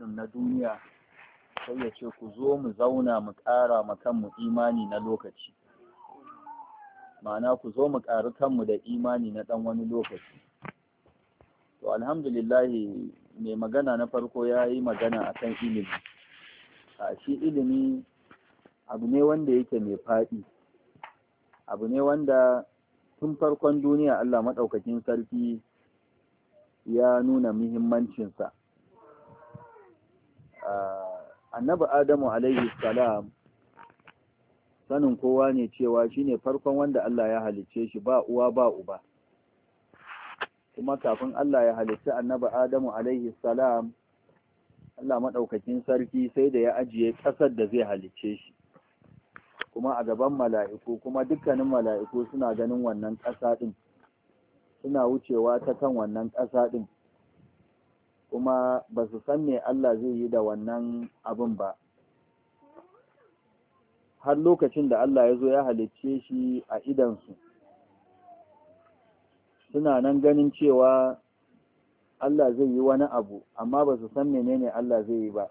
irin na duniya sai ya ce ku zo mu zauna mu ƙara ma kanmu imani na lokaci ma'ana ku zo mu ƙari kanmu da imani na ɗan wani lokaci to alhamdulillahi mai magana na farko ya yi magana akan ilimi a shi ilimi abu ne wanda yake mai faɗi abu ne wanda tun farkon duniya allah maɗaukakin sarki ya nuna muhimmancinsa annabi adamu alaihi salam sanin kowa ne cewa shine farkon wanda Allah ya halicce shi ba uwa ba uba kuma kafin Allah ya halicci annabi adamu alaihi salam Allah maɗaukakin sarki sai da ya ajiye ƙasar da zai halicce shi kuma a gaban mala'iku kuma dukkanin mala'iku suna ganin wannan kasa ɗin suna wucewa ta kan wannan ƙasa ɗin kuma ba su san me Allah zai yi da wannan abin ba har lokacin da Allah ya zo ya halicce shi a idansu suna nan ganin cewa Allah zai yi wani abu amma ba su san menene Allah zai yi ba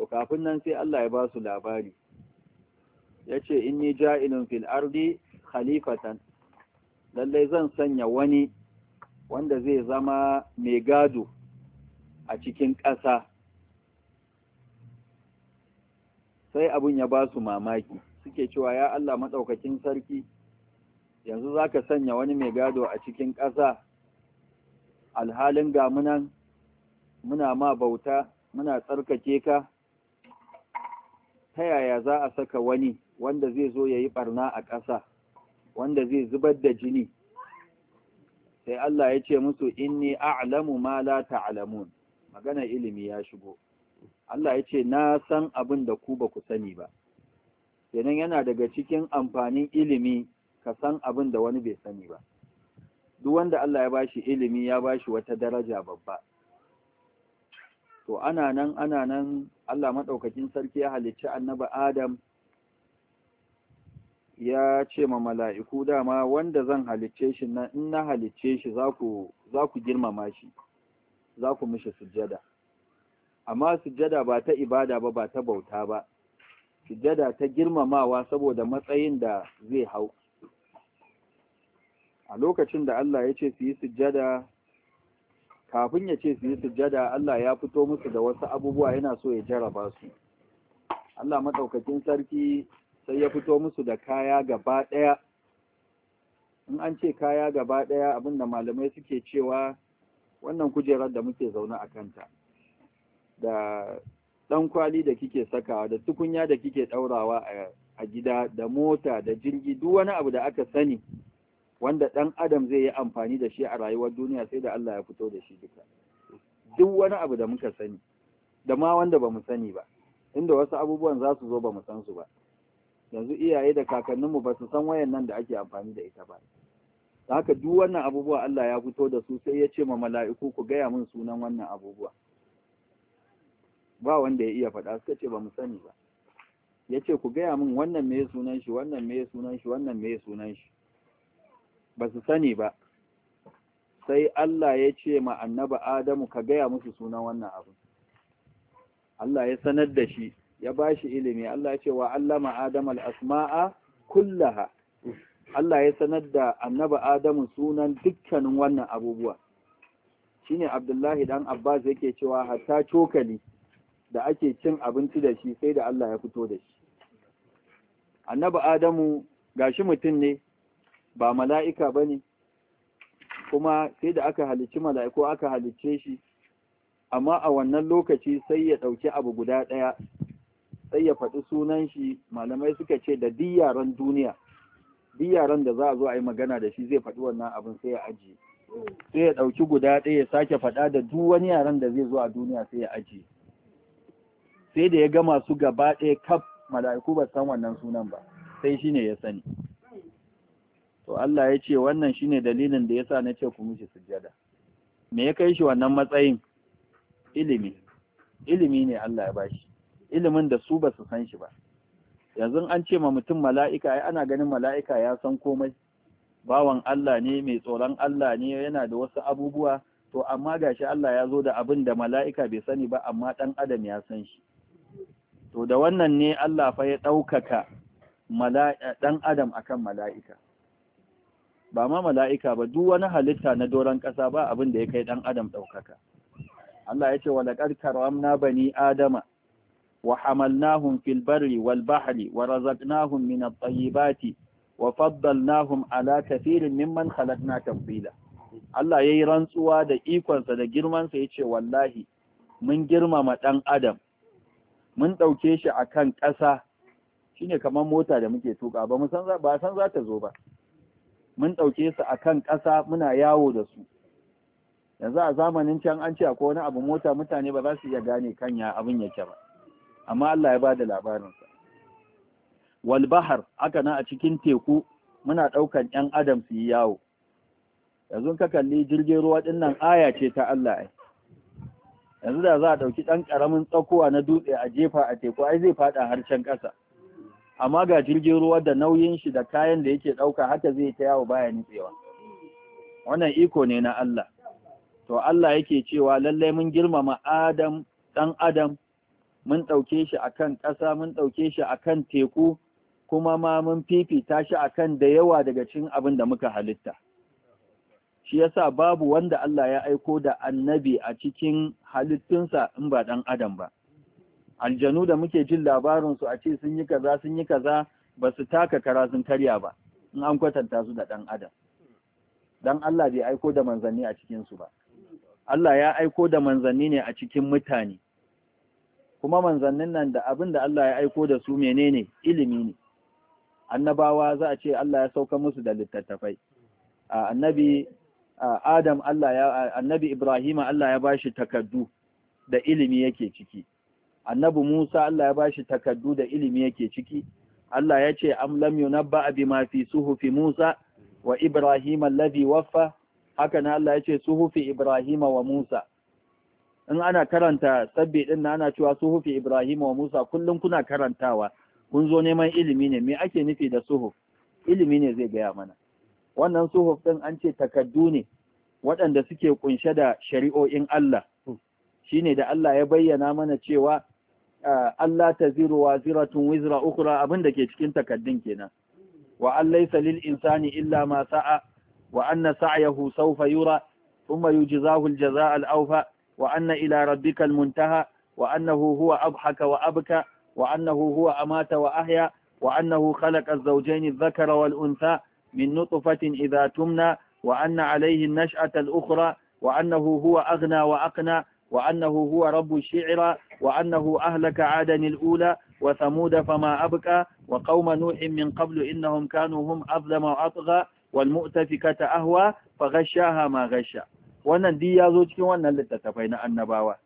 to kafin nan sai Allah ya ba su labari ya ce inni ja'ilun fil ardi khalifatan lallai zan sanya wani wanda zai zama mai gado a cikin ƙasa sai abun ya ba su mamaki suke cewa ya Allah maɗaukakin sarki yanzu za ka sanya wani mai gado a cikin ƙasa alhalin ga munan muna ma bauta muna tsarkake ka ta yaya za a saka wani wanda zai zo ya yi ɓarna a ƙasa wanda zai zubar da jini sai Allah ya ce musu inni a'lamu ma la ta'lamun magana ilimi ya shigo Allah ya ce na san abin da ku ba ku sani ba kenan yana daga cikin amfanin ilimi ka san abin da wani bai sani ba duk wanda Allah ya bashi ilimi ya bashi wata daraja babba to ana nan ana nan Allah maɗaukakin sarki ya halicci Annabi Adam ya ce ma mala'iku dama wanda zan halicce shi na in na halicce shi za ku girmama shi za ku mishi sujjada amma sujjada ba ta ibada ba ba ta bauta ba sujjada ta girmamawa saboda matsayin da zai hau a lokacin da Allah ya ce su yi sujjada kafin ya ce su yi sujjada Allah ya fito musu da wasu abubuwa yana so ya jaraba su Allah maɗaukakin sarki sai ya fito musu da kaya gaba ɗaya in an ce kaya gaba ɗaya abinda malamai suke cewa wannan kujerar da muke zaune a kanta da ɗan kwali da kike sakawa da tukunya da kike ɗaurawa a gida da mota da jirgi duk wani abu da aka sani wanda ɗan adam zai yi amfani da shi a rayuwar duniya sai da Allah ya fito da shi duka duk wani abu da muka sani da ma wanda ba mu sani ba inda wasu abubuwan za su zo ba mu san su ba yanzu iyaye da kakanninmu ba su san wayan nan da ake amfani da ita ba haka duk wannan abubuwa Allah ya fito da su sai ya ce ma mala'iku ku gaya min sunan wannan abubuwa ba wanda ya iya faɗa suka ce ba mu sani ba ya ce ku gaya min wannan me sunan shi wannan me sunan shi wannan me sunan shi ba su sani ba sai Allah ya ce ma annaba Adamu ka gaya musu sunan wannan abu Allah ya sanar da shi ya ba shi ilimi Allah ya ce wa allama Adamu al-asma'a kullaha Allah ya sanar da annaba Adamu sunan dukkanin wannan abubuwa Shi ne Abdullahi dan Abbas yake cewa hatta cokali da ake cin abinci da shi sai da Allah ya fito da shi annaba Adamu gashi mutum ne ba mala'ika ba ne kuma sai da aka halicci mala'iku aka halicce shi amma a wannan lokaci sai ya ɗauki abu guda ɗaya sai ya faɗi sunan shi malamai suka ce da diyaran yaran duniya diyaran da za a zo a yi magana da shi zai faɗi wannan abin sai ya ajiye sai ya ɗauki guda ɗaya ya sake faɗa da duk wani yaran da zai zo a duniya sai ya ajiye sai da ya gama su gaba ɗaya kaf mala'iku ba san wannan sunan ba sai shi ne ya sani to Allah ya ce wannan shine dalilin da yasa na ce ku mishi sujjada me ya kai shi wannan matsayin ilimi ilimi ne Allah ya bashi ilimin da su ba su san shi ba yanzu an ce ma mutum mala'ika ai ana ganin mala'ika ya san komai bawan Allah ne mai tsoron Allah ne yana da wasu abubuwa to amma gashi Allah ya zo da abin da mala'ika bai sani ba amma dan adam ya san shi to da wannan ne Allah fa ya ɗaukaka ɗan adam akan mala'ika ba ma mala'ika ba duk wani halitta na doron ƙasa ba abin da ya kai ɗan adam ɗaukaka Allah ya ce wa ƙarƙar karamna bani adama wa hamalnahum fil barri wal bahari, wa razak min at-tayyibati wa faddalnahum ala kathirin mimman na tafdila Allah ya yi rantsuwa da ikonsa da girmansa ya ce wallahi mun girmama ɗan adam mun ɗauke shi akan ƙasa Shi ne kamar mota da muke tuƙa ba ba san za ta zo ba mun ɗauke su a kan ƙasa muna yawo da su yanzu a zamanin can an ce akwai wani abu mota mutane ba za su iya gane kan ya abin yake ba amma Allah ya ba da labarinsa wal bahar aka na a cikin teku muna ɗaukan 'yan adam su yi yawo yanzu ka kalli jirgin ruwa ɗin nan aya ce ta Allah ai yanzu da za a ɗauki ɗan ƙaramin tsakowa na dutse a jefa a teku ai zai faɗa harshen ƙasa amma ga jirgin ruwa da nauyin shi da kayan da yake ɗauka haka zai ta yawo baya nitsewa wannan iko ne na Allah to Allah yake cewa lallai mun girmama Adam ɗan Adam mun ɗauke shi akan ƙasa mun ɗauke shi akan teku kuma ma mun fifita shi akan da yawa daga cikin abin da muka halitta shi yasa babu wanda Allah ya aiko da annabi a cikin halittunsa in ba ɗan adam ba aljanu da muke jin labarin su a ce sun yi kaza sun yi kaza ba su taka kara sun karya ba in an kwatanta su da dan adam dan Allah bai aiko da manzanni a cikin su ba Allah ya aiko da manzanni ne a cikin mutane kuma manzannin nan da abin da Allah ya aiko da su menene ilimi ne annabawa za a ce Allah ya sauka musu da littattafai annabi Adam Allah ya annabi Ibrahim Allah ya bashi takaddu da ilimi yake ciki annabi Musa Allah ya bashi takaddu da ilimi yake ciki Allah ya ce am lam yunabba bima fi suhufi Musa wa Ibrahim alladhi waffa haka nan Allah ya ce suhufi Ibrahim wa Musa in ana karanta sabbi din ana cewa suhufi Ibrahim wa Musa kullum kuna karantawa kun zo neman ilimi ne me ake nufi da suhuf ilimi ne zai gaya mana wannan suhuf din an ce takaddu ne waɗanda suke kunshe da shari'o'in Allah shine da Allah ya bayyana mana cewa Allah ta ziru wa ziratun wizra ukura abin da ke cikin takaddun kenan wa an laisa lil insani illa ma sa'a wa anna sa'yahu sawfa yura thumma yujzahu al jazaa al awfa wa anna ila rabbika al muntaha wa annahu huwa abhaka wa abka wa annahu huwa amata wa ahya wa annahu khalaqa az zawjayn al dhakara wal untha min nutfatin idha tumna wa anna alayhi an nash'ata al ukhra wa annahu huwa aghna wa aqna وأنه هو رب الشعر وأنه أهلك عادا الأولى وثمود فما أبقى وقوم نوح من قبل إنهم كانوا هم أظلم وأطغى والمؤتفكة أهوى فغشاها ما غشا wannan duk ya zo cikin wannan littattafai na annabawa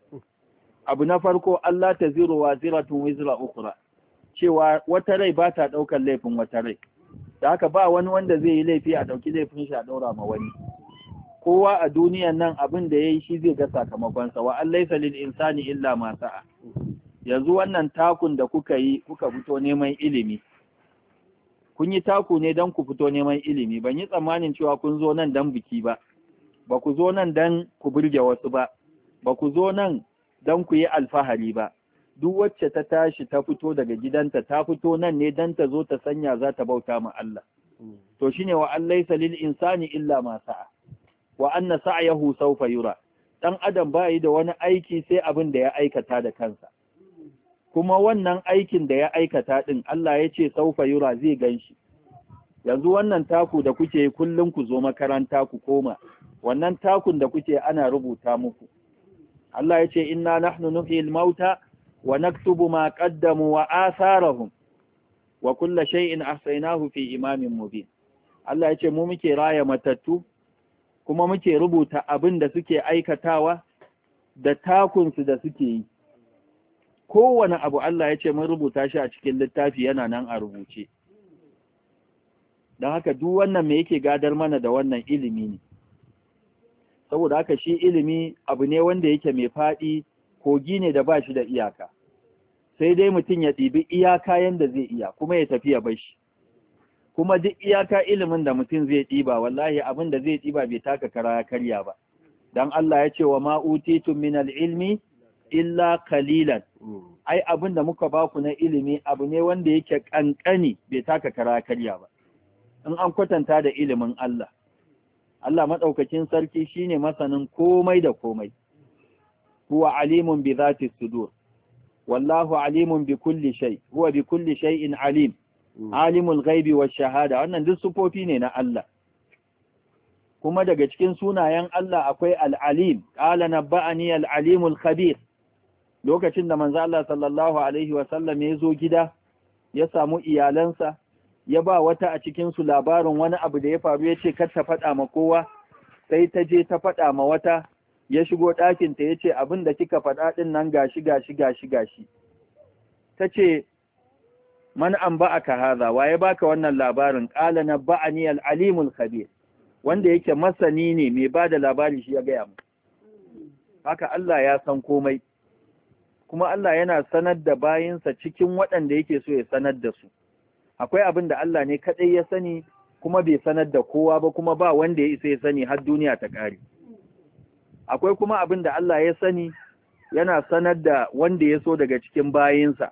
abu na farko Allah ta ziro wa ziratun wizra ukura cewa wata rai ba ta ɗaukar laifin wata rai da haka ba wani wanda zai yi laifi a ɗauki laifin shi a ɗaura ma wani kowa a duniyan nan abin da yi shi zai ga sakamakonsa wa allaisa lil insani illa ma sa'a yanzu wannan takun da kuka yi kuka fito neman ilimi kun yi taku ne don ku fito neman ilimi ban yi tsammanin cewa kun zo nan don biki ba ba ku zo nan don ku burge wasu ba ba ku zo nan don ku yi alfahari ba duk wacce ta tashi ta fito daga gidanta ta fito nan ne don ta zo ta sanya za ta bauta ma Allah mm. to shine wa Allah laisa lil insani illa ma sa'a wa anna sa'yahu sawfa yura dan adam bai da wani aiki sai abin da ya aikata da kansa kuma wannan aikin da ya aikata din Allah ya ce sawfa yura zai ganshi yanzu wannan taku da kuke kullun ku zo makaranta ku koma wannan takun da kuke ana rubuta muku Allah ya ce inna nahnu nuhil mauta wa naktubu ma qaddamu wa atharahum wa kullu shay'in ahsaynahu fi imamin mubin Allah ya ce mu muke raya matattu kuma muke rubuta abin da suke aikatawa da takunsu da suke yi kowane abu Allah ya ce mun rubuta shi a cikin littafi yana nan a rubuce don haka duk wannan me yake gadar mana da wannan ilimi ne saboda haka shi ilimi abu ne wanda yake mai faɗi kogi ne da ba shi da iyaka sai dai mutum ya ɗibi iyaka yanda zai iya kuma ya tafi ya bashi. kuma duk iyaka ilimin da mutum zai ɗiba wallahi abin da zai ɗiba bai taka kara ya karya ba dan Allah ya ce wa ma utitum min ilmi illa qalilan ai abin da muka baku na ilimi abu ne wanda yake kankani bai taka kara karya ba in an kwatanta da ilimin Allah Allah madaukakin sarki shine masanin komai da komai huwa alimun bi zati sudur wallahu alimun bi kulli shay huwa bi kulli shay'in alim Mm. alimul ghaibi wa shahada wannan duk sufofi ne na Allah kuma daga cikin sunayen Allah akwai al-alim qala nabani al-alimul khabir lokacin da manzo Allah sallallahu alaihi wa sallam ya zo gida ya samu iyalansa ya ba wata a cikin su labarin wani abu da ya faru yace kar ta faɗa ma kowa sai ta je ta faɗa ma wata ya shigo dakin ta yace abin da kika faɗa din nan gashi gashi gashi gashi tace man an ba'aka hadha waye baka wannan labarin ƙala na ba'ani alimul khabir wanda yake masani ne mai ba da labari shi ya gaya mu haka Allah ya san komai kuma Allah yana sanar da bayinsa cikin waɗanda yake so ya sanar da su akwai abin da Allah ne kadai ya sani kuma bai sanar da kowa ba kuma ba wanda ya isa ya sani har duniya ta ƙare. akwai kuma abin da Allah ya sani yana sanar da wanda ya so daga cikin bayinsa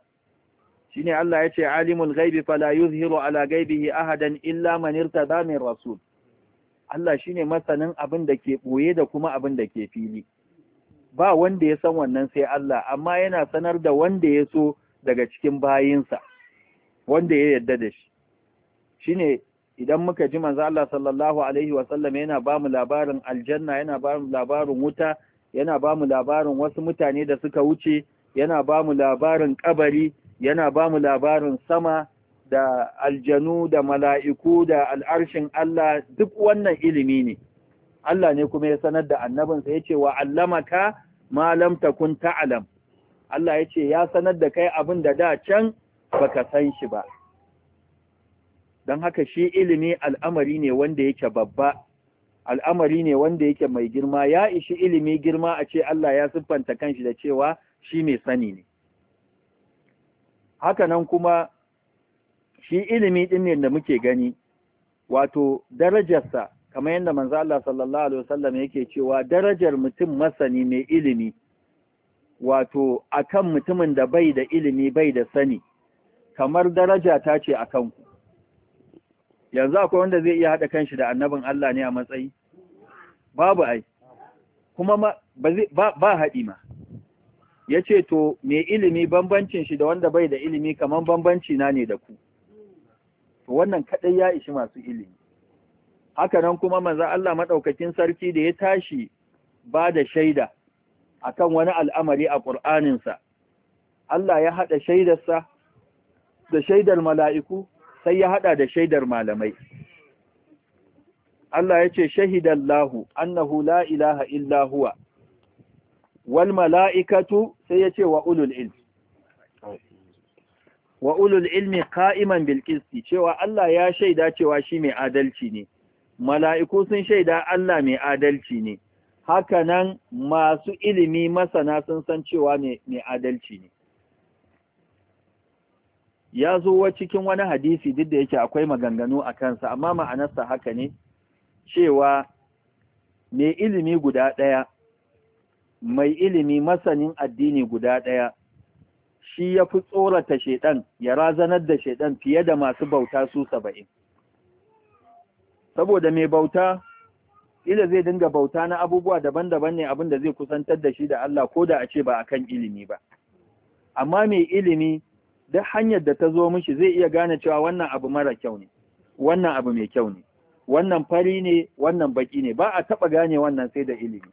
shine Allah ya ce alimul ghaibi fala yuzhiru ala ghaibihi ahadan illa man irtada min rasul Allah shine masanin abin da ke boye da kuma abin da ke fili ba wanda ya san wannan sai Allah amma yana sanar da wanda ya so daga cikin bayinsa wanda ya yarda da shi shine idan muka ji manzo Allah sallallahu alaihi wa sallam yana ba mu labarin aljanna yana ba mu labarin wuta yana ba mu labarin wasu mutane da suka wuce yana ba mu labarin kabari yana ba mu labarin sama da aljanu da mala'iku da al'arshin Allah duk wannan ilimi ne Allah ne kuma ya sanar da annabinsa ya ce wa allamaka malam lam takun ta’alam. Allah ya ce ya sanar da kai abin da da can baka san shi ba don haka shi ilimi al'amari ne wanda yake babba al'amari ne wanda yake mai girma ya ishi ilimi girma a ce Allah ya siffanta kanshi da cewa shi mai sani ne haka nan kuma shi ilimi din ne da muke gani wato darajarsa kamar yadda manzo Allah sallallahu alaihi wasallam yake cewa darajar mutum masani mai ilimi wato akan mutumin da bai da ilimi bai da sani kamar daraja ta ce akan ku yanzu akwai wanda zai iya hada kanshi da annabin Allah ne a matsayi babu ai kuma ba ba haɗi ma ya ce to mai ilimi bambancin shi da wanda bai da ilimi kamar bambanci na ne da ku to wannan kaɗai ya ishi masu ilimi haka nan kuma manzan Allah maɗaukakin sarki da ya tashi ba da shaida a kan wani al'amari a ƙur'aninsa Allah ya haɗa shaidarsa da shaidar mala'iku sai ya haɗa da shaidar malamai Allah ya ce shahidallahu annahu la ilaha illa huwa wal mala'ikatu sai ya ce wa ulul ilmi wa ulul ilmi qa'iman bil cewa Allah ya shaida cewa shi mai adalci ne mala'iku sun shaida Allah mai adalci ne hakanan masu ilimi masana sun san cewa mai adalci ne ya zo wa cikin wani hadisi duk da yake akwai maganganu a kansa amma ma'anarsa haka ne cewa mai ilimi guda ɗaya mai ilimi masanin addini guda ɗaya shi ya fi tsorata shaidan ya razanar da shaidan fiye da masu bauta su saba'in saboda mai bauta ila zai dinga bauta na abubuwa daban-daban ne abinda zai kusantar da shi da Allah ko da a ce ba kan ilimi ba amma mai ilimi duk hanyar da ta zo mishi zai iya gane cewa wannan abu mara kyau ne wannan abu mai kyau ne wannan fari ne wannan baki ne ba a taɓa gane wannan sai da ilimi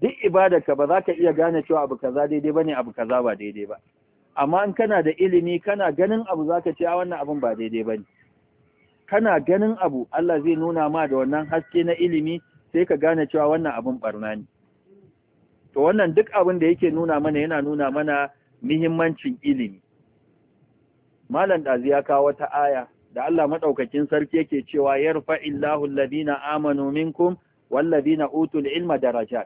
duk ibadarka ba za ka iya gane cewa abu kaza daidai ba ne abu kaza ba daidai ba amma in kana da ilimi kana ganin abu za ka ce a wannan abun ba daidai ba ne. kana ganin abu Allah zai nuna ma da wannan haske na ilimi sai ka gane cewa wannan abun barna ne to wannan duk abin da yake nuna mana yana nuna mana muhimmancin ilimi malam ɗazi ya kawo wata aya da Allah maɗaukakin sarki yake cewa yarfa illahu alladhina amanu minkum wallazina utul ilma darajat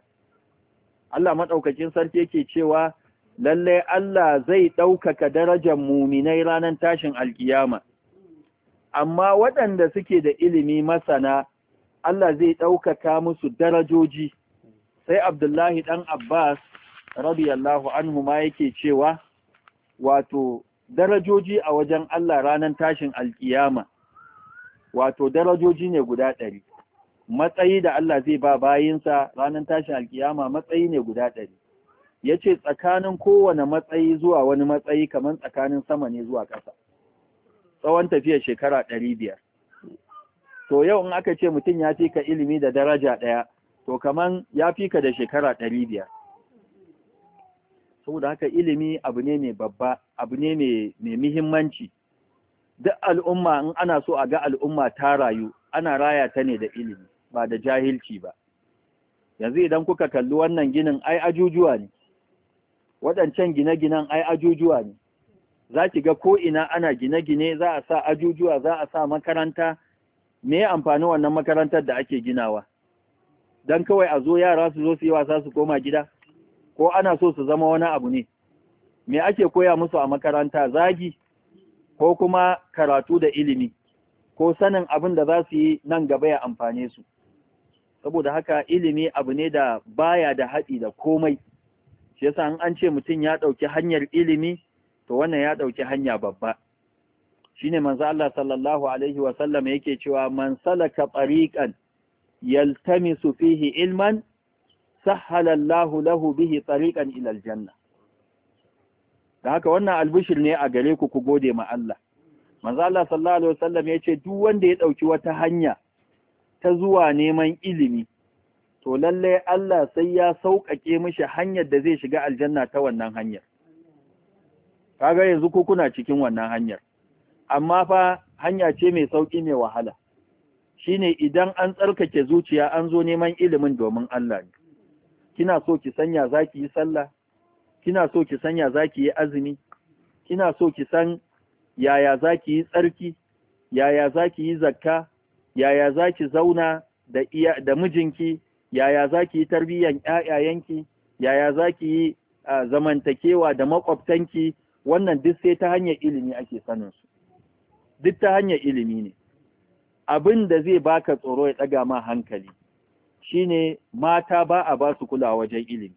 Allah maɗaukacin sarki yake cewa lallai Allah zai ɗaukaka darajar muminai ranar tashin alkiyama amma waɗanda suke da ilimi masana Allah zai ɗaukaka musu darajoji sai Abdullahi ɗan Abbas radiyallahu anhu ma yake cewa wato darajoji a wajen Allah ranar tashin alkiyama wato darajoji ne guda ɗari matsayi da Allah zai ba bayinsa ranar tashin alkiyama matsayi ne guda ɗari ya ce tsakanin kowane matsayi zuwa wani matsayi kamar tsakanin sama ne zuwa ƙasa tsawon tafiya shekara ɗari biyar to yau in aka ce mutum ya fi ka ilimi da daraja ɗaya to kamar ya fi ka da shekara ɗari biyar saboda haka ilimi abu ne mai babba abu ne mai muhimmanci duk al'umma in ana so a ga al'umma ta rayu ana raya ta ne da ilimi ba da jahilci ba yanzu idan kuka kalli wannan ginin ai ajujuwa ne waɗancan gine-ginen ai ajujuwa ne za ki ga ko'ina ana gine-gine za a sa ajujuwa za a sa makaranta me ya amfani wannan makarantar da ake ginawa don kawai a zo yara su zo su yi wasa su koma gida ko ana so su zama wani abu ne me ake koya musu a makaranta zagi ko kuma karatu da ilimi ko sanin abin da za su yi nan gaba ya amfane su saboda haka ilimi abu ne da baya da haɗi da komai shi yasa an ce mutum ya ɗauki hanyar ilimi to wannan ya ɗauki hanya babba shine manzo Allah sallallahu alaihi wa sallam yake cewa man salaka tariqan yaltamisu fihi ilman sahalallahu lahu bihi tariqan ilal janna.' da haka wannan albushir ne a gare ku ku gode ma Allah manzo Allah sallallahu alaihi wa sallam yace duk wanda ya ɗauki wata hanya ta zuwa neman ilimi to lallai Allah sai ya sauƙaƙe mishi hanyar da zai shiga aljanna ta wannan hanyar kaga yanzu ko kuna cikin wannan hanyar amma fa hanya ce mai sauƙi mai wahala shine idan an tsarkake zuciya an zo neman ilimin domin Allah ne kina so ki sanya zaki yi sallah kina so ki sanya zaki yi azumi kina so ki san yaya zaki yi tsarki yaya zaki yi zakka yaya za ki zauna da mijinki yaya za ki yi tarbiyyan ƴaƴayenki yaya za ki yi zamantakewa da makwabtanki wannan duk sai ta hanyar ilimi ake sanin su duk ta hanyar ilimi ne abin da zai baka tsoro ya ɗaga ma hankali shine mata ba a ba su kula wajen ilimi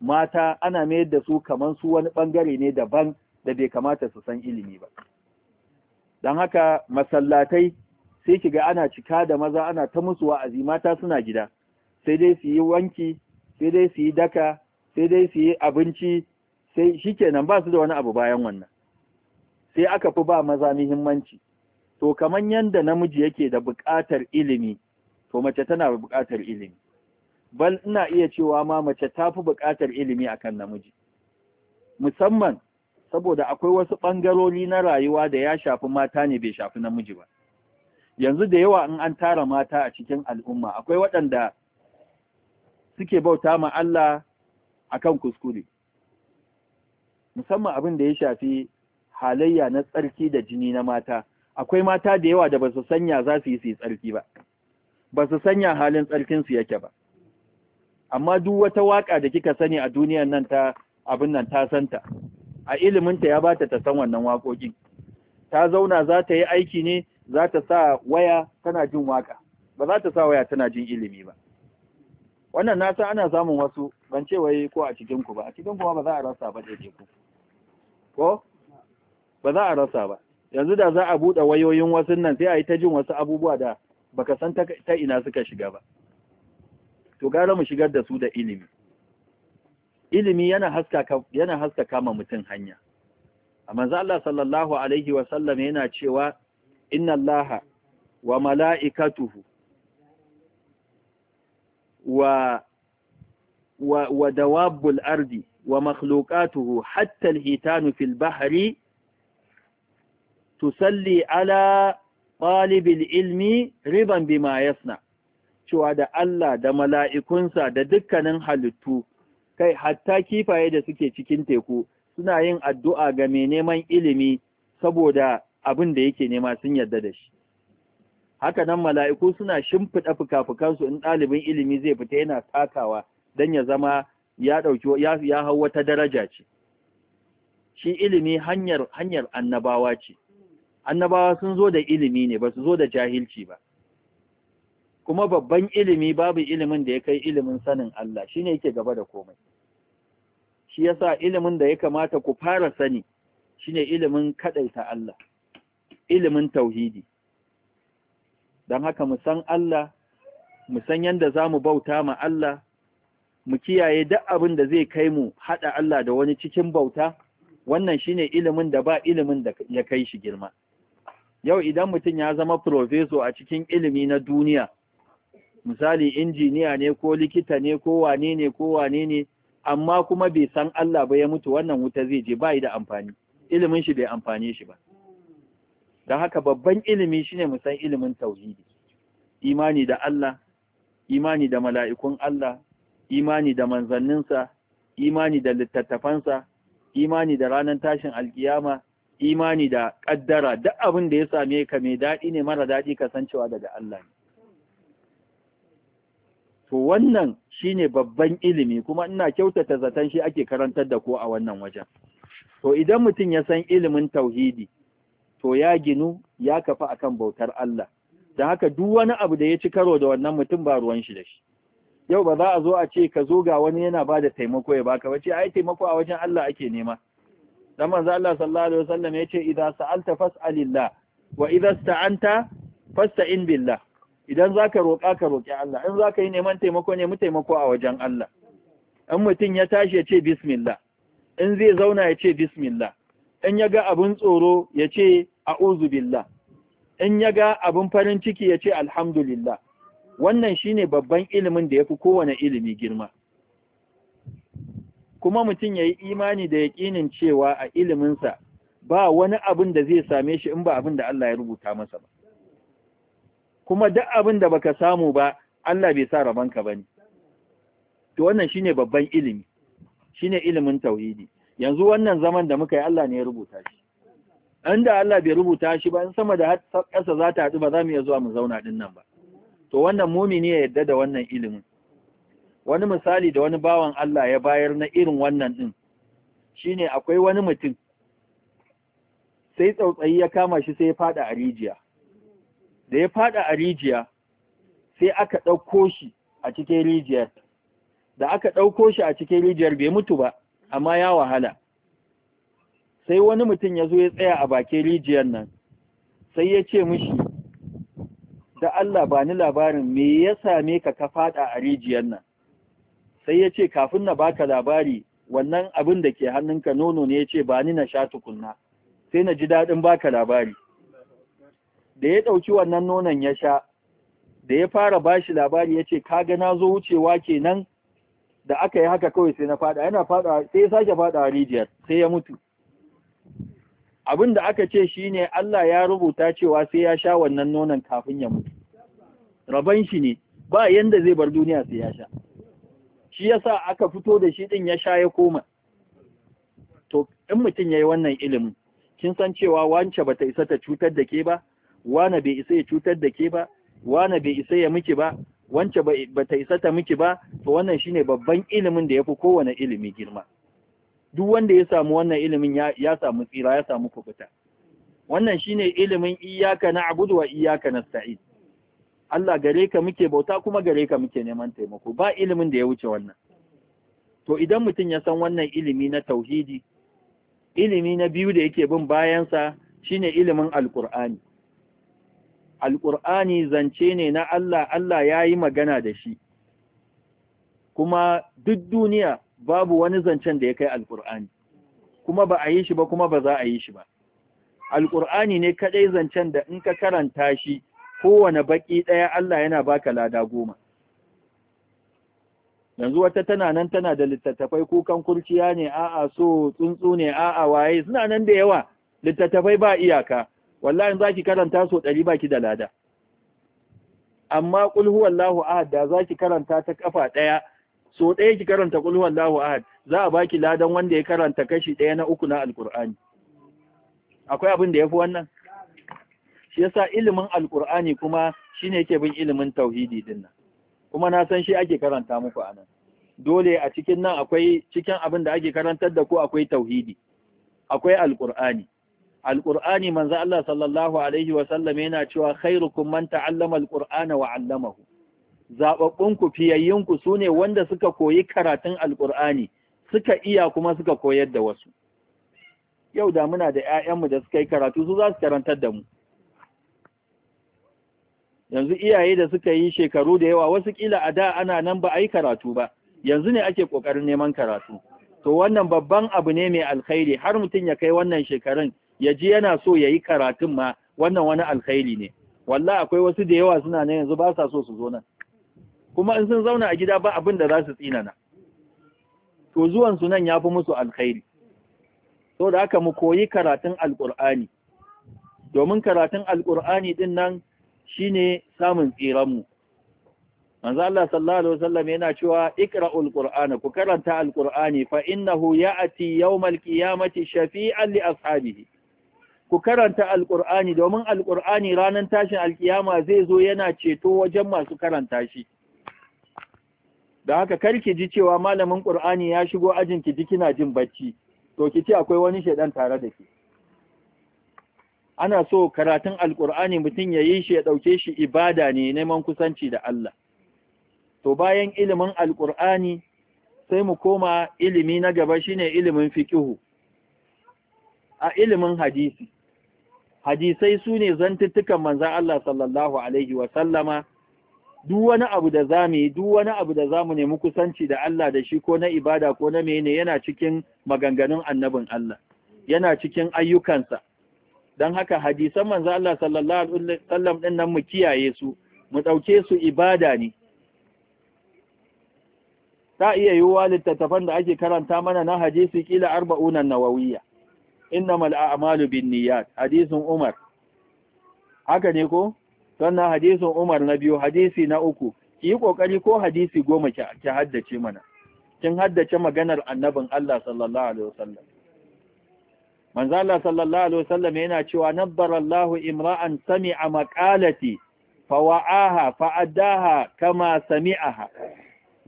mata ana mayar da su kamar su wani ɓangare ne daban da bai kamata su san ilimi ba don haka masallatai sai ki ga ana cika da maza ana ta musu wa'azi mata suna gida sai dai su yi wanki sai dai su yi daka sai dai su yi abinci sai shikenan ba su da wani abu bayan wannan sai aka fi ba maza muhimmanci to kamar yanda namiji yake da buƙatar ilimi to mace tana buƙatar ilimi bal ina iya cewa ma mace ta fi buƙatar ilimi akan namiji musamman saboda akwai wasu ɓangarori na rayuwa da ya shafi mata ne bai shafi namiji ba yanzu da yawa in an tara mata a cikin al'umma akwai waɗanda suke bauta ma Allah akan kuskure musamman abin da ya shafi halayya na tsarki da jini na mata akwai mata da yawa da ba su sanya za su yi su yi tsarki ba ba su sanya halin tsarkinsu yake ba amma duk wata waka da kika sani a duniyan nan ta abin nan ta santa a iliminta ya bata ta san wannan waƙoƙin ta zauna za ta yi aiki ne za ta sa waya tana jin waka ba za ta sa waya tana jin ilimi ba wannan na san ana samun wasu ban ce wai ko a cikin ku ba a cikin kuma ba za a rasa ba daidai ku ko ba za a rasa ba yanzu da za a buɗe wayoyin wasu nan sai a yi ta jin wasu abubuwa da baka san ta ina suka shiga ba to gara mu shigar da su da ilimi ilimi yana haskaka yana haskaka ma mutum hanya amma Allah sallallahu alaihi wa sallam yana cewa inna allaha wa mala'ikatuhu wa wa, wa ardi wa makhluqatuhu hatta al-hitanu fil bahri tusalli ala ɗalibin ilmi riban bima yasna cewa da Allah da mala'ikunsa da dukkanin halittu kai hatta kifaye da suke cikin teku suna yin addu'a ga mai neman ilimi saboda abin da yake nema sun yarda da shi haka nan mala'iku suna shimfiɗa fuka-fukansu in ɗalibin ilimi zai fita yana takawa don ya zama ya ɗauki ya hau wata daraja ce shi ilimi hanyar hanyar annabawa ce annabawa sun zo da ilimi ne ba su zo da jahilci ba kuma babban ilimi babu ilimin da ya kai ilimin sanin Allah shine yake gaba da komai shi yasa ilimin da ya kamata ku fara sani shine ilimin kaɗaita Allah ilimin tauhidi don haka mu san Allah mu san yanda zamu bauta ma Allah mu kiyaye duk abin da zai kai mu hada Allah da wani cikin bauta wannan shine ilimin da ba ilimin da ya kai shi girma yau idan mutum ya zama professor a cikin ilimi na duniya misali injiniya ne ko likita ne ko wane ne ko wane ne amma kuma bai san Allah ba ya mutu wannan wuta zai je bai da amfani ilimin shi bai amfane shi ba don haka babban ilimi shine mu san ilimin tauhidi imani da Allah imani da mala'ikun Allah imani da manzanninsa imani da littattafansa imani da ranar tashin alkiyama imani da ƙaddara duk abin da ya same ka mai daɗi ne mara daɗi kasancewa daga Allah ne to wannan shine babban ilimi kuma ina kyautata zaton shi ake karantar da ko a wannan wajen to idan mutum ya san ilimin tauhidi to ya ginu ya kafa akan bautar Allah da haka duk wani abu da ya ci karo da wannan mutum ba ruwan shi da shi yau ba za a zo a ce ka zo ga wani yana ba da taimako ya baka ba ce ai taimako a wajen Allah ake nema dan manzo Allah sallallahu alaihi wasallam ya ce idza sa'alta fas'alillah wa idza sta'anta fasta'in billah idan zaka roƙa ka roƙi Allah in zaka yi neman taimako ne mu taimako a wajen Allah in mutum ya tashi ya ce bismillah in zai zauna ya ce bismillah in ya ga abin tsoro ya ce uzu billah in ya ga abin farin ciki ya ce alhamdulillah wannan shi ne babban ilimin da ya fi kowane ilimi girma kuma mutum ya yi imani da yaƙinin cewa a iliminsa ba wani abin da zai same shi in ba abin da Allah ya rubuta masa ba kuma duk abin da baka samu ba Allah bai sa rabanka ne. to wannan shi ne babban ilimi shi ne ilimin tauhidi yanzu wannan zaman da muka yi Allah ne ya rubuta shi inda Allah bai rubuta shi ba in sama da ƙasa za ta haɗu ba za mu iya zuwa mu zauna ɗin nan ba to wannan mumini ya yarda da wannan ilimin wani misali da wani bawan Allah ya bayar na irin wannan ɗin shine akwai wani mutum sai tsautsayi ya kama shi sai ya faɗa a rijiya da ya faɗa a rijiya sai aka ɗauko shi a cikin rijiyar da aka ɗauko shi a cikin rijiyar bai mutu ba amma ya wahala sai wani mutum ya zo ya tsaya a bakin rijiyar nan sai ya ce mishi da Allah ba ni labarin me ya same ka ka fada a rijiyar nan sai ya ce kafin na baka labari wannan abin da ke hannunka nono ne ya ce ba ni na sha tukunna sai na ji daɗin baka labari da ya ɗauki wannan nonon ya sha da ya fara bashi labari ya ce kaga na zo wucewa kenan da aka yi haka kawai sai na fada yana fada sai ya sake fada rijiyar sai ya mutu abin da aka ce shine Allah ya rubuta cewa sai ya sha wannan nonon kafin ya mutu raban shi ne ba yanda zai bar duniya sai ya sha shi yasa aka fito da shi din ya sha ya koma to in mutum yayi wannan ilimin kin san cewa wance bata isa ta cutar da ke ba wane bai isa ya cutar da ke ba wane bai isa ya miki ba wance ba ta isa ta miki ba to wannan shine babban ilimin da ya fi kowane ilimi girma duk wanda ya samu wannan ilimin ya samu tsira ya samu kubuta wannan shine ilimin iyaka na na'budu wa na Sa'id. Allah gare ka muke bauta kuma gare ka muke neman taimako ba ilimin da ya wuce wannan to idan mutum ya san wannan ilimi na tauhidi ilimi na biyu da yake bin bayansa shine ilimin alkur'ani alƙur'ani zance ne na Allah Allah ya yi magana da shi kuma duk duniya babu wani zancen da ya kai alƙur'ani kuma ba a yi shi ba kuma ba za a yi shi ba alƙur'ani ne kaɗai zancen da in ka karanta shi kowane baƙi ɗaya Allah yana baka lada goma yanzu wata tana nan tana da littattafai kukan kurciya ne a'a so tsuntsu ne a'a waye suna nan da yawa littattafai ba iyaka wallahi za ki karanta so ɗari ba ki da lada amma ƙul huwallahu ahad da za ki karanta ta kafa ɗaya so ɗaya ki karanta ƙul lahu ahad za a ba baki ladan wanda ya karanta kashi ɗaya na uku na alƙur'ani akwai abin da ya fi wannan shi yasa ilimin alƙur'ani kuma shine yake bin ilimin tauhidi din nan kuma na san shi ake karanta muku anan dole a cikin nan akwai cikin abin da ake karantar da ku akwai tauhidi akwai alƙur'ani alqur'ani manzo Allah sallallahu alaihi wa sallam yana cewa khairukum man ta'allama alqur'ana wa 'allamahu zababbunku ku sune wanda suka koyi karatun alqur'ani suka iya kuma suka koyar da wasu yau da muna da ƴaƴanmu da suka yi karatu su za su karantar da mu yanzu iyaye da suka yi shekaru da yawa wasu kila a da ana nan ba a yi karatu ba yanzu ne ake ƙoƙarin neman karatu to wannan babban abu ne mai alkhairi har mutum ya kai wannan shekarun ya ji yana so ya yi karatun ma wannan wani alkhairi ne walla akwai wasu da yawa suna na yanzu ba sa so su zo nan kuma in sun zauna a gida ba abin da za su tsinana to zuwan su nan ya fi musu alkhairi so da haka mu koyi karatun alkur'ani domin karatun alkur'ani din nan shine samun tsiranmu manzo Allah sallallahu alaihi wasallam yana cewa iqra'ul qur'ana ku karanta alkur'ani fa innahu ya'ti yawmal qiyamati shafi'an li ashabihi ku karanta alƙur'ani domin alƙur'ani ranar tashin alƙiyama zai zo yana ceto wajen masu karanta shi da haka kar ki ji cewa malamin ƙur'ani ya shigo ajin ki ji kina jin bacci to ki ce akwai wani shaidan tare da ki ana so karatun alƙur'ani mutum ya yi shi ya ɗauke shi ibada ne neman kusanci da Allah to bayan ilimin alƙur'ani sai mu koma ilimi na gaba shine ilimin fiqihu a ilimin hadisi hadisai su ne zantuttukan manzan Allah sallallahu Alaihi wasallama duk wani abu da za mu yi duk wani abu da za mu nemi kusanci da Allah da shi ko na ibada ko na mene yana cikin maganganun annabin Allah yana cikin ayyukansa don haka hadisan manzan Allah sallallahu alaihi wasallam ɗin nan mu kiyaye su mu ɗauke su ibada ne ta iya yiwuwa littattafan da ake karanta mana na hadisi kila arba'unan nawawiyya innamal a'malu binniyat hadisin Umar haka ne ko sannan hadisin Umar na biyu hadisi na uku ki kokari ko hadisi goma ki haddace mana kin haddace maganar annabin Allah sallallahu alaihi wasallam manzo Allah sallallahu alaihi wasallam yana cewa nabbarallahu imra'an sami'a maqalati fawa'aha fa'adaha, kama sami'aha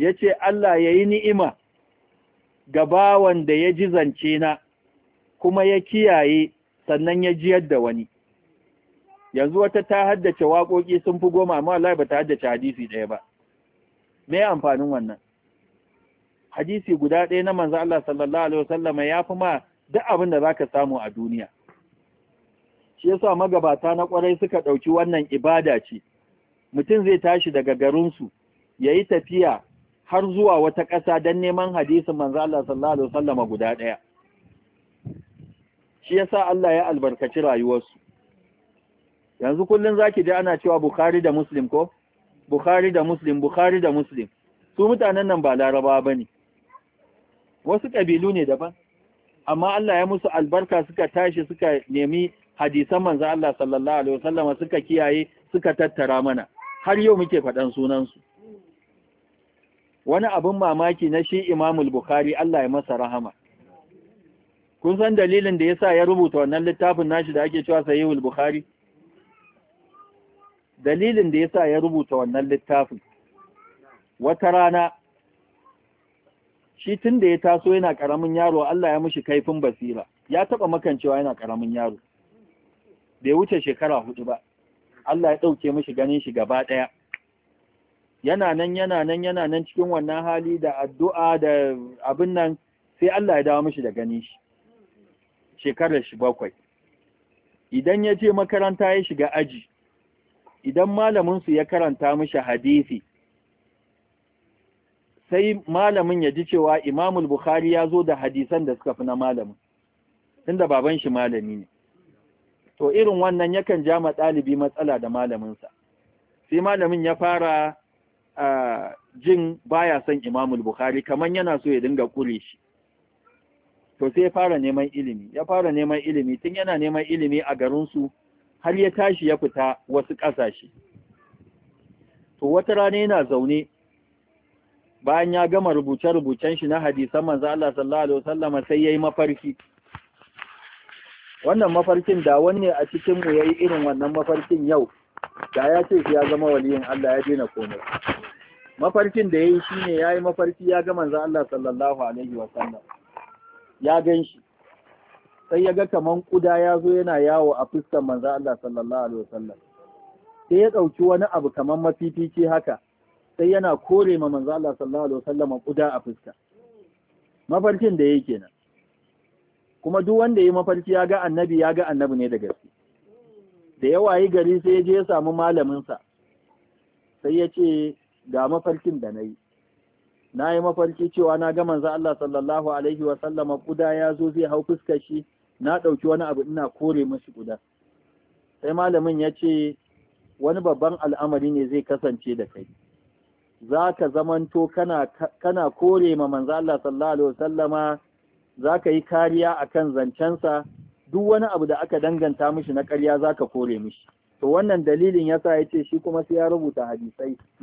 yace Allah yayi ni'ima ga bawan da ya ji zance na kuma ya kiyaye sannan ya jiyar da wani yanzu wata ta haddace waƙoƙi sun fi goma amma Allah ba ta haddace hadisi ɗaya ba me amfanin wannan hadisi guda ɗaya na manzo Allah sallallahu alaihi wasallam ya fi ma duk abin da zaka samu a duniya shi yasa magabata na kwarai suka ɗauki wannan ibada ce mutum zai tashi daga garinsu ya yi tafiya har zuwa wata ƙasa don neman hadisin manzo Allah sallallahu alaihi wasallam guda ɗaya shi yasa Allah ya albarkaci rayuwarsu yanzu kullun zaki ji ana cewa Bukhari da Muslim ko Bukhari da Muslim Bukhari da Muslim su mutanen nan ba Laraba bane wasu kabilu ne daban amma Allah ya musu albarka suka tashi suka nemi hadisan manza Allah sallallahu alaihi wasallam suka kiyaye suka tattara mana har yau muke faɗan sunansu. wani abin mamaki na shi Imamul Bukhari Allah ya masa rahama kun san dalilin da yasa ya rubuta wannan littafin nashi da ake cewa sahihul bukhari dalilin da yasa ya rubuta wannan littafin wata rana shi tun da ya taso yana karamin yaro Allah ya mishi kaifin basira ya taba makancewa yana karamin yaro bai wuce shekara hudu ba Allah ya dauke mishi ganin shi gaba daya yana nan yana nan yana nan cikin wannan hali da addu'a da abin nan sai Allah ya dawo mishi da ganin shi shekarar shi bakwai idan ya je makaranta ya shiga aji idan malaminsu ya karanta mishi hadisi sai malamin ya ji cewa imamul bukhari ya zo da hadisan da suka fi na malamin tunda baban shi malami ne to irin wannan yakan ja ma ɗalibi matsala da malaminsa sai malamin ya fara ah, jin baya son imamul bukhari kamar yana so ya dinga kure shi to sai ya fara neman ilimi ya fara neman ilimi tun yana neman ilimi a garinsu har ya tashi ya fita wasu ƙasashe to wata rana yana zaune bayan ya gama rubuce-rubucen shi na hadisan manzo Allah sallallahu alaihi wasallam sai yayi mafarki wannan mafarkin da wani a cikin mu yayi irin wannan mafarkin yau da ya ce shi ya zama waliyin Allah ya daina komai mafarkin da yayi shine yayi mafarki ya ga manzo Allah sallallahu alaihi wasallam ya gan shi sai ya ga kaman kuda ya zo yana yawo a fuskar manzo Allah sallallahu alaihi wasallam sai ya ɗauki wani abu kaman mafifici haka sai yana kore ma manzo Allah sallallahu alaihi wasallam kuda a fuska mafarkin da yake nan kuma duk wanda ya mafarki ya ga annabi ya ga annabi ne da gaske da yawa yi gari sai ya je ya samu malamin sa sai ya ce ga mafarkin da nayi na yi mafarki cewa na ga manzo Allah sallallahu alaihi wa sallama kuda ya zo zai hau fuska shi na ɗauki wani abu ina kore mashi kuda sai malamin ya ce wani babban al'amari ne zai kasance da kai za ka zamanto kana, kana kore ma manzo Allah sallallahu alaihi wasallama za ka yi kariya akan zancensa duk wani abu da aka danganta mishi na ƙarya za ka kore mishi to wannan dalilin yasa ya ce shi kuma sai ya rubuta hadisai